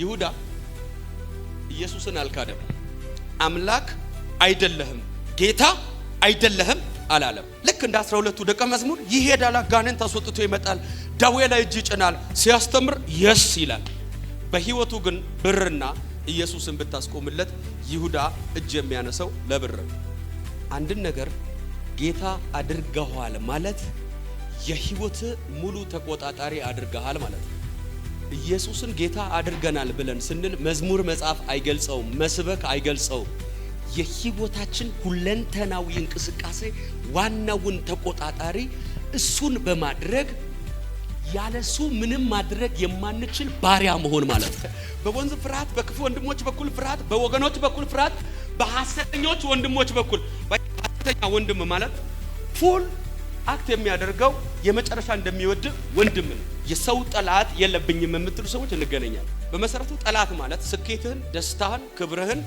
ይሁዳ ኢየሱስን አልካደም። አምላክ አይደለህም፣ ጌታ አይደለህም አላለም። ልክ እንደ አስራ ሁለቱ ደቀ መዝሙር ይሄዳል፣ አጋንንት አስወጥቶ ይመጣል፣ ደዌ ላይ እጅ ይጭናል፣ ሲያስተምር የስ ይላል። በህይወቱ ግን ብርና ኢየሱስን ብታስቆምለት ይሁዳ እጅ የሚያነሰው ለብር። አንድን ነገር ጌታ አድርገዋል ማለት የህይወት ሙሉ ተቆጣጣሪ አድርገሃል ማለት ነው። ኢየሱስን ጌታ አድርገናል ብለን ስንል መዝሙር መጽሐፍ አይገልጸውም፣ መስበክ አይገልጸውም። የህይወታችን ሁለንተናዊ እንቅስቃሴ ዋናውን ተቆጣጣሪ እሱን በማድረግ ያለሱ ምንም ማድረግ የማንችል ባሪያ መሆን ማለት ነው። በወንዝ ፍርሃት፣ በክፉ ወንድሞች በኩል ፍርሃት፣ በወገኖች በኩል ፍርሃት፣ በሐሰተኞች ወንድሞች በኩል ሐሰተኛ ወንድም ማለት ፉል አክት የሚያደርገው የመጨረሻ እንደሚወድ ወንድም ነው። የሰው ጠላት የለብኝም የምትሉ ሰዎች እንገናኛለን። በመሰረቱ ጠላት ማለት ስኬትህን፣ ደስታህን፣ ክብርህን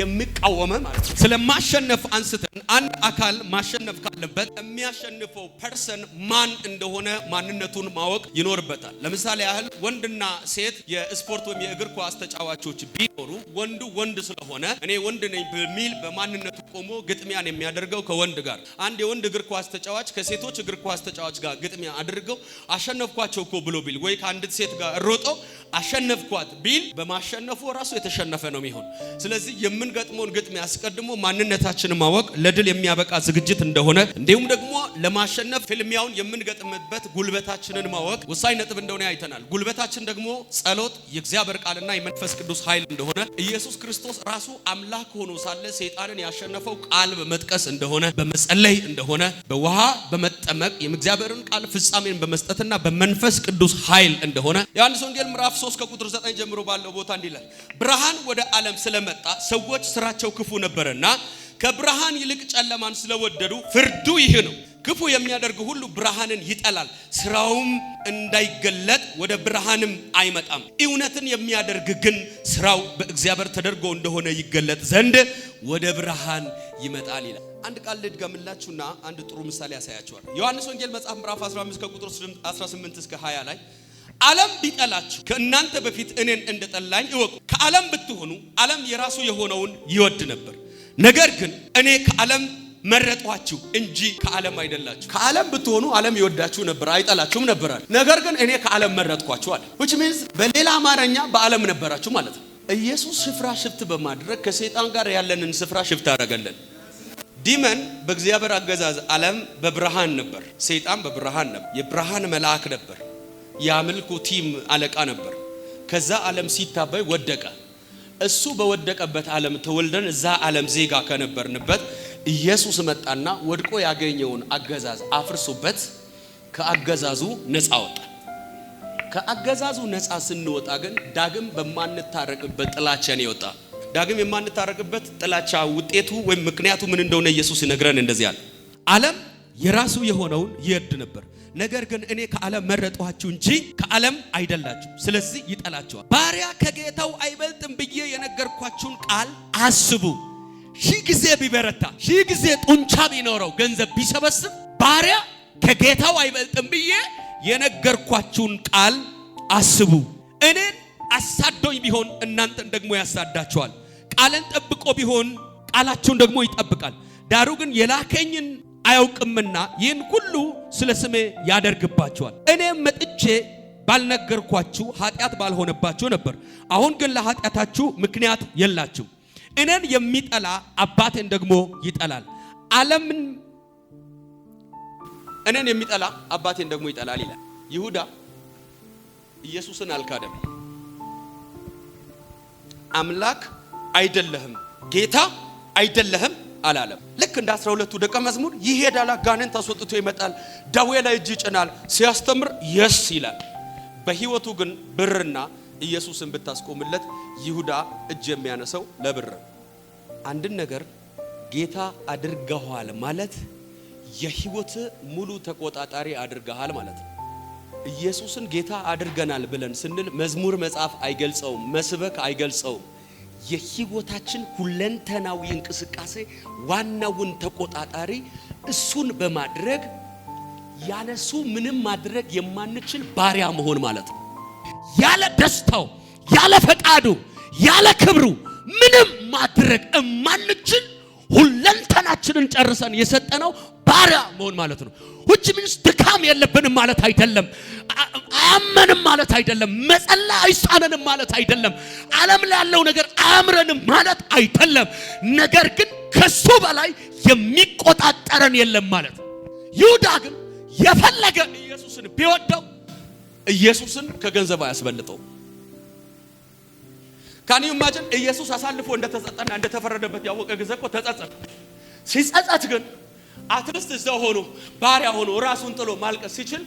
የሚቃወመ ማለት ነው። ስለማሸነፍ አንስተን አንድ አካል ማሸነፍ ካለበት የሚያሸንፈው ፐርሰን ማን እንደሆነ ማንነቱን ማወቅ ይኖርበታል። ለምሳሌ ያህል ወንድና ሴት የስፖርት ወይም የእግር ኳስ ተጫዋቾች ቢኖሩ ወንዱ ወንድ ስለሆነ እኔ ወንድ ነኝ በሚል በማንነቱ ቆሞ ግጥሚያን የሚያደርገው ከወንድ ጋር፣ አንድ የወንድ እግር ኳስ ተጫዋች ከሴቶች እግር ኳስ ተጫዋች ጋር ግጥሚያ አድርገው አሸነፍኳቸው እኮ ብሎ ቢል ወይ ከአንዲት ሴት ጋር ሮጦ አሸነፍኳት ቢል በማሸነፉ ራሱ የተሸነፈ ነው የሚሆን ስለዚህ የምንገጥመውን ግጥሚያ አስቀድሞ ማንነታችንን ማወቅ ለድል የሚያበቃ ዝግጅት እንደሆነ እንዲሁም ደግሞ ለማሸነፍ ፍልሚያውን የምንገጥምበት ጉልበታችንን ማወቅ ወሳኝ ነጥብ እንደሆነ አይተናል። ጉልበታችን ደግሞ ጸሎት፣ የእግዚአብሔር ቃልና የመንፈስ ቅዱስ ኃይል እንደሆነ ኢየሱስ ክርስቶስ ራሱ አምላክ ሆኖ ሳለ ሰይጣንን ያሸነፈው ቃል በመጥቀስ እንደሆነ በመጸለይ እንደሆነ በውሃ በመጠመቅ የእግዚአብሔርን ቃል ፍጻሜን በመስጠትና በመንፈስ ቅዱስ ኃይል እንደሆነ ዮሐንስ ወንጌል ምዕራፍ 3 ከቁጥር 9 ጀምሮ ባለው ቦታ እንዲላል ብርሃን ወደ ዓለም ስለመጣ ሰው ሰዎች ስራቸው ክፉ ነበረና ከብርሃን ይልቅ ጨለማን ስለወደዱ ፍርዱ ይህ ነው። ክፉ የሚያደርግ ሁሉ ብርሃንን ይጠላል፣ ስራውም እንዳይገለጥ ወደ ብርሃንም አይመጣም። እውነትን የሚያደርግ ግን ስራው በእግዚአብሔር ተደርጎ እንደሆነ ይገለጥ ዘንድ ወደ ብርሃን ይመጣል ይላል። አንድ ቃል ልድገምላችሁና አንድ ጥሩ ምሳሌ ያሳያችኋል። ዮሐንስ ወንጌል መጽሐፍ ምዕራፍ 15 ከቁጥር 18 እስከ 20 ላይ ዓለም ቢጠላችሁ ከእናንተ በፊት እኔን እንደጠላኝ እወቁ። ከዓለም ብትሆኑ ዓለም የራሱ የሆነውን ይወድ ነበር። ነገር ግን እኔ ከዓለም መረጧችሁ እንጂ ከዓለም አይደላችሁ። ከዓለም ብትሆኑ ዓለም ይወዳችሁ ነበር፣ አይጠላችሁም ነበራል። ነገር ግን እኔ ከዓለም መረጥኳችሁ አለ። ዊች ሚንስ በሌላ አማርኛ በዓለም ነበራችሁ ማለት ነው። ኢየሱስ ስፍራ ሽፍት በማድረግ ከሰይጣን ጋር ያለንን ስፍራ ሽፍት አደረገለን። ዲመን በእግዚአብሔር አገዛዝ ዓለም በብርሃን ነበር፣ ሰይጣን በብርሃን ነበር፣ የብርሃን መልአክ ነበር። የአምልኮ ቲም አለቃ ነበር። ከዛ ዓለም ሲታበይ ወደቀ። እሱ በወደቀበት ዓለም ተወልደን እዛ ዓለም ዜጋ ከነበርንበት ኢየሱስ መጣና ወድቆ ያገኘውን አገዛዝ አፍርሶበት ከአገዛዙ ነፃ ወጣ። ከአገዛዙ ነፃ ስንወጣ ግን ዳግም በማንታረቅበት ነው ይወጣ። ዳግም የማንታረቅበት ጥላቻ ውጤቱ ወይም ምክንያቱ ምን እንደሆነ ኢየሱስ ይነግረን እንደዚህ አለ። ዓለም የራሱ የሆነውን ይወድ ነበር ነገር ግን እኔ ከዓለም መረጠዋችሁ እንጂ ከዓለም አይደላችሁ፣ ስለዚህ ይጠላችኋል። ባሪያ ከጌታው አይበልጥም ብዬ የነገርኳችሁን ቃል አስቡ። ሺህ ጊዜ ቢበረታ፣ ሺህ ጊዜ ጡንቻ ቢኖረው፣ ገንዘብ ቢሰበስብ፣ ባሪያ ከጌታው አይበልጥም ብዬ የነገርኳችሁን ቃል አስቡ። እኔን አሳዶኝ ቢሆን እናንተን ደግሞ ያሳዳችኋል። ቃልን ጠብቆ ቢሆን ቃላችሁን ደግሞ ይጠብቃል። ዳሩ ግን የላከኝን አያውቅምና ይህን ሁሉ ስለ ስሜ ያደርግባቸዋል። እኔም መጥቼ ባልነገርኳችሁ ኃጢአት ባልሆነባችሁ ነበር። አሁን ግን ለኃጢአታችሁ ምክንያት የላችሁ። እኔን የሚጠላ አባቴን ደግሞ ይጠላል። ዓለምን እኔን የሚጠላ አባቴን ደግሞ ይጠላል ይላል። ይሁዳ ኢየሱስን አልካደም። አምላክ አይደለህም፣ ጌታ አይደለህም አላለም። ልክ እንደ አስራ ሁለቱ ደቀ መዝሙር ይሄዳል፣ አጋንን ተስወጥቶ ይመጣል፣ ደዌ ላይ እጅ ይጭናል፣ ሲያስተምር የስ ይላል። በህይወቱ ግን ብርና ኢየሱስን ብታስቆምለት ይሁዳ እጅ የሚያነሰው ለብር። አንድን ነገር ጌታ አድርገዋል ማለት የህይወት ሙሉ ተቆጣጣሪ አድርገሃል ማለት ነው። ኢየሱስን ጌታ አድርገናል ብለን ስንል መዝሙር መጻፍ አይገልጸውም፣ መስበክ አይገልጸውም። የህይወታችን ሁለንተናዊ እንቅስቃሴ ዋናውን ተቆጣጣሪ እሱን በማድረግ ያለሱ ምንም ማድረግ የማንችል ባሪያ መሆን ማለት ነው። ያለ ደስታው፣ ያለ ፈቃዱ፣ ያለ ክብሩ ምንም ማድረግ የማንችል ሁለንተናችንን ጨርሰን የሰጠነው ባሪያ መሆን ማለት ነው። ውጭ ምንስ ድካም የለብንም ማለት አይደለም። አያመንም ማለት አይደለም። መጸላ አይሳነንም ማለት አይደለም። ዓለም ላለው ነገር አያምረንም ማለት አይደለም። ነገር ግን ከሱ በላይ የሚቆጣጠረን የለም ማለት ይሁዳ ግን የፈለገ ኢየሱስን ቢወደው ኢየሱስን ከገንዘብ አያስበልጠው። ካኒዩ ኢማጅን ኢየሱስ አሳልፎ እንደተሰጠና እንደተፈረደበት ያወቀ ጊዜ እኮ ተጸጸተ። ሲጸጸት ግን አትሊስት እዛው ሆኖ ባሪያ ሆኖ ራሱን ጥሎ ማልቀስ ሲችል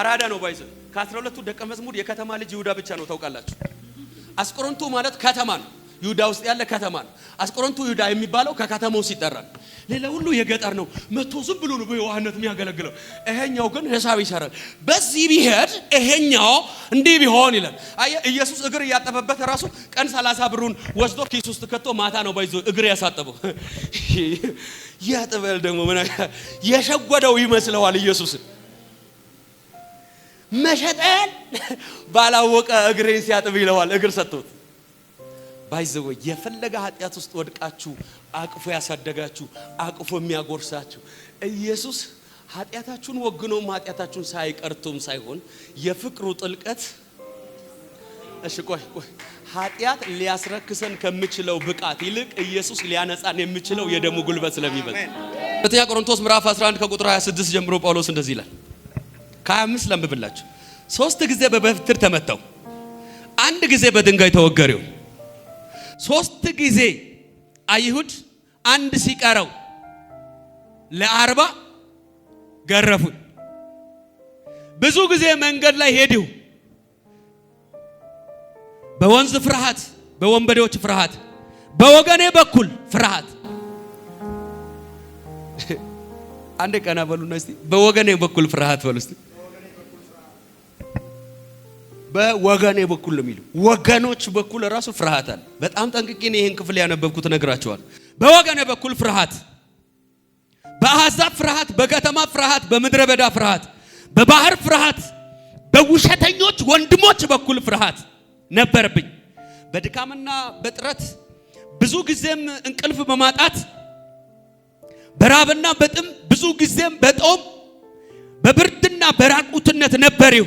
አራዳ ነው ባይዘ ከአስራ ሁለቱ ደቀ መዝሙር የከተማ ልጅ ይሁዳ ብቻ ነው። ታውቃላችሁ አስቆሮንቱ ማለት ከተማ ነው። ይሁዳ ውስጥ ያለ ከተማ ነው። አስቆሮንቱ ይሁዳ የሚባለው ከከተማው ሲጠራ ነው። ሌላ ሁሉ የገጠር ነው። መቶ ዝም ብሎ ነው በየዋህነት የሚያገለግለው። ይሄኛው ግን ሂሳብ ይሰራል። በዚህ ቢሄድ ይሄኛው እንዲህ ቢሆን ይላል። አየ ኢየሱስ እግር እያጠበበት ራሱ ቀን 30 ብሩን ወስዶ ኪስ ውስጥ ከቶ ማታ ነው ባይዞ እግር ያሳጠበው። ያጥበል ደግሞ ምን የሸጎደው ይመስለዋል ኢየሱስ መሸጠን ባላወቀ እግሬን ሲያጥብ ይለዋል። እግር ሰጥቶት ባይዘወ የፈለገ ኃጢአት ውስጥ ወድቃችሁ አቅፎ ያሳደጋችሁ፣ አቅፎ የሚያጎርሳችሁ ኢየሱስ ኃጢአታችሁን ወግኖም ኃጢአታችሁን ሳይቀርቶም ሳይሆን የፍቅሩ ጥልቀት እሺ ቆይ ቆይ ኃጢአት ሊያስረክሰን ከሚችለው ብቃት ይልቅ ኢየሱስ ሊያነጻን የሚችለው የደሙ ጉልበት ስለሚበዛ ሁለተኛ ቆሮንቶስ ምዕራፍ 11 ከቁጥር 26 ጀምሮ ጳውሎስ እንደዚህ ይላል። ከ25 ለምብላችሁ ሶስት ጊዜ በበትር ተመተው አንድ ጊዜ በድንጋይ ተወገረው። ሶስት ጊዜ አይሁድ አንድ ሲቀረው ለአርባ ገረፉ ብዙ ጊዜ መንገድ ላይ ሄድሁ በወንዝ ፍርሃት፣ በወንበዴዎች ፍርሃት፣ በወገኔ በኩል ፍርሃት። አንድ ቀና በሉና እስቲ በወገኔ በኩል ፍርሃት በሉ እስቲ። በወገኔ በኩል ነው የሚሉ ወገኖች በኩል ራሱ ፍርሃት አለ። በጣም ጠንቅቄ ይህን ክፍል ያነበብኩት ነግራቸዋል። በወገነ በኩል ፍርሃት፣ በአሕዛብ ፍርሃት፣ በከተማ ፍርሃት፣ በምድረ በዳ ፍርሃት፣ በባህር ፍርሃት፣ በውሸተኞች ወንድሞች በኩል ፍርሃት ነበረብኝ። በድካምና በጥረት ብዙ ጊዜም እንቅልፍ በማጣት በራብና በጥም ብዙ ጊዜም በጦም በብርድና በራቁትነት ነበርሁ።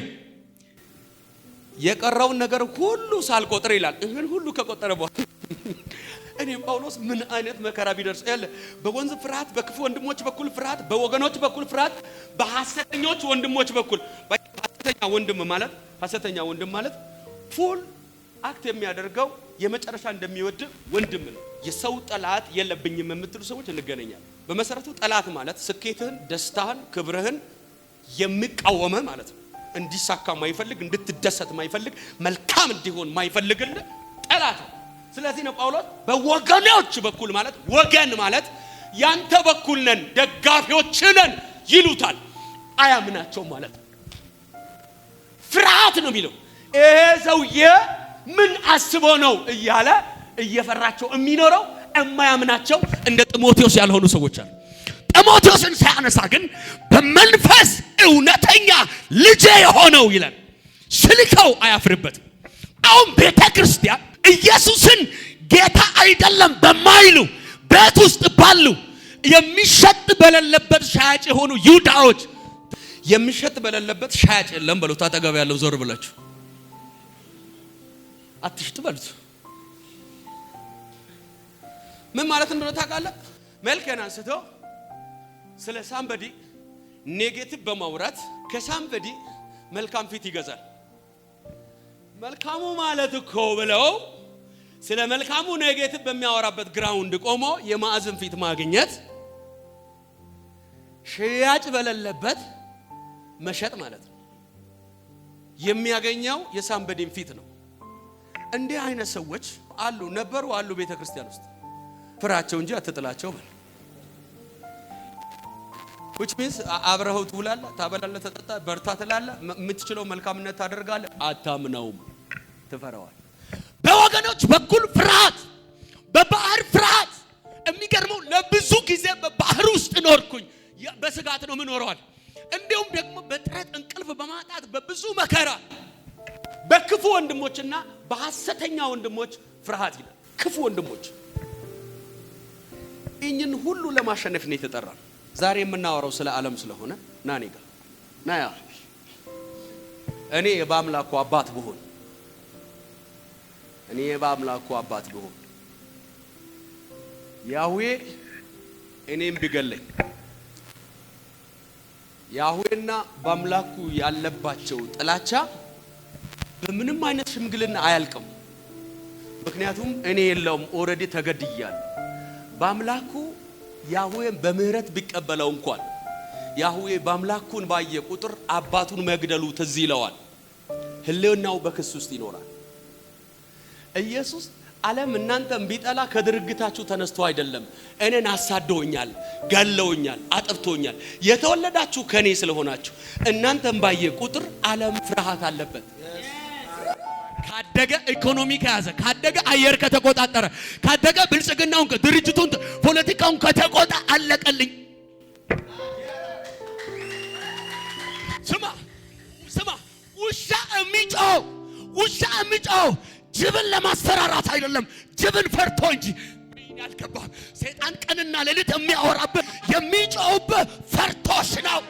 የቀረውን ነገር ሁሉ ሳልቆጥር ይላል። እህል ሁሉ ከቆጠረ በኋላ እኔም ጳውሎስ ምን አይነት መከራ ቢደርስ ያለ በወንዝ ፍርሃት፣ በክፉ ወንድሞች በኩል ፍርሃት፣ በወገኖች በኩል ፍርሃት፣ በሐሰተኞች ወንድሞች በኩል ሐሰተኛ ወንድም ማለት ሐሰተኛ ወንድም ማለት ፉል አክት የሚያደርገው የመጨረሻ እንደሚወድ ወንድም ነው። የሰው ጠላት የለብኝም የምትሉ ሰዎች እንገናኛለን። በመሰረቱ ጠላት ማለት ስኬትህን፣ ደስታህን፣ ክብርህን የሚቃወመ ማለት ነው። እንዲሳካ ማይፈልግ፣ እንድትደሰት ማይፈልግ፣ መልካም እንዲሆን ማይፈልግልህ ጠላት ነው። ስለዚህ ነው ጳውሎስ በወገኖች በኩል ማለት ወገን ማለት ያንተ በኩል ነን፣ ደጋፊዎች ነን ይሉታል። አያምናቸው ማለት ፍርሃት ነው የሚለው። ይሄ ሰውዬ ምን አስቦ ነው እያለ እየፈራቸው የሚኖረው የማያምናቸው እንደ ጢሞቴዎስ ያልሆኑ ሰዎች አሉ። ጢሞቴዎስን ሳያነሳ ግን በመንፈስ እውነተኛ ልጄ የሆነው ይለን ስልከው አያፍርበትም። አሁን ቤተ ክርስቲያን ኢየሱስን ጌታ አይደለም በማይሉ ቤት ውስጥ ባሉ የሚሸጥ በሌለበት ሻጭ የሆኑ ይሁዳዎች የሚሸጥ በሌለበት ሻጭ የለም በሉት። አጠገብ ያለው ዞር ብላችሁ አትሽጥ በሉት። ምን ማለት እንደሆነ ታውቃለህ? መልከን አንስቶ ስለ ሳምበዲ ኔጌቲቭ በማውራት ከሳምበዲ መልካም ፊት ይገዛል። መልካሙ ማለት እኮ ብለው ስለ መልካሙ ኔጌቲቭ በሚያወራበት ግራውንድ ቆሞ የማዕዘን ፊት ማግኘት ሽያጭ በሌለበት መሸጥ ማለት ነው። የሚያገኘው የሳንበዲን ፊት ነው። እንዲህ አይነት ሰዎች አሉ ነበሩ አሉ ቤተ ክርስቲያን ውስጥ ፍራቸው እንጂ አትጥላቸው በል ዊች ሚንስ አብረኸው ትውላለ፣ ታበላለ፣ ተጠጣ፣ በርታ ትላለ፣ የምትችለው መልካምነት ታደርጋለ። አታምነውም፣ ትፈረዋል። ወገኖች በኩል ፍርሃት፣ በባህር ፍርሃት። የሚገርመው ለብዙ ጊዜ በባህር ውስጥ ኖርኩኝ። በስጋት ነው ምኖረዋል። እንዲሁም ደግሞ በጥረት እንቅልፍ በማጣት በብዙ መከራ በክፉ ወንድሞችና በሐሰተኛ ወንድሞች ፍርሃት ይላል። ክፉ ወንድሞች እኝን ሁሉ ለማሸነፍ ነው የተጠራ። ዛሬ የምናወራው ስለ ዓለም ስለሆነ ና እኔ ጋር ና። እኔ በአምላኩ አባት ብሆን እኔ በአምላኩ አባት ብሆን ያሁዌ እኔም ቢገለኝ ያሁዌና በአምላኩ ያለባቸው ጥላቻ በምንም አይነት ሽምግልና አያልቅም። ምክንያቱም እኔ የለውም ኦልሬዲ ተገድያል። በአምላኩ ያሁዌን በምህረት ቢቀበለው እንኳን ያሁዌ በአምላኩን ባየ ቁጥር አባቱን መግደሉ ትዝ ይለዋል። ህልውናው በክስ ውስጥ ይኖራል። ኢየሱስ ዓለም እናንተን ቢጠላ ከድርግታችሁ ተነስቶ አይደለም። እኔን አሳደውኛል፣ ገለውኛል፣ አጥፍቶኛል። የተወለዳችሁ ከኔ ስለሆናችሁ እናንተን ባየ ቁጥር ዓለም ፍርሃት አለበት። ካደገ ኢኮኖሚ ከያዘ ካደገ አየር ከተቆጣጠረ ካደገ ብልጽግናውን ድርጅቱን ፖለቲካውን ከተቆጣ አለቀልኝ። ስማ ስማ ውሻ የሚጮው ውሻ የሚጮው ጅብን ለማስፈራራት አይደለም፣ ጅብን ፈርቶ እንጂ ያልገባ ሰይጣን ቀንና ሌሊት የሚያወራበት የሚጮውበት ፈርቶሽ ነው።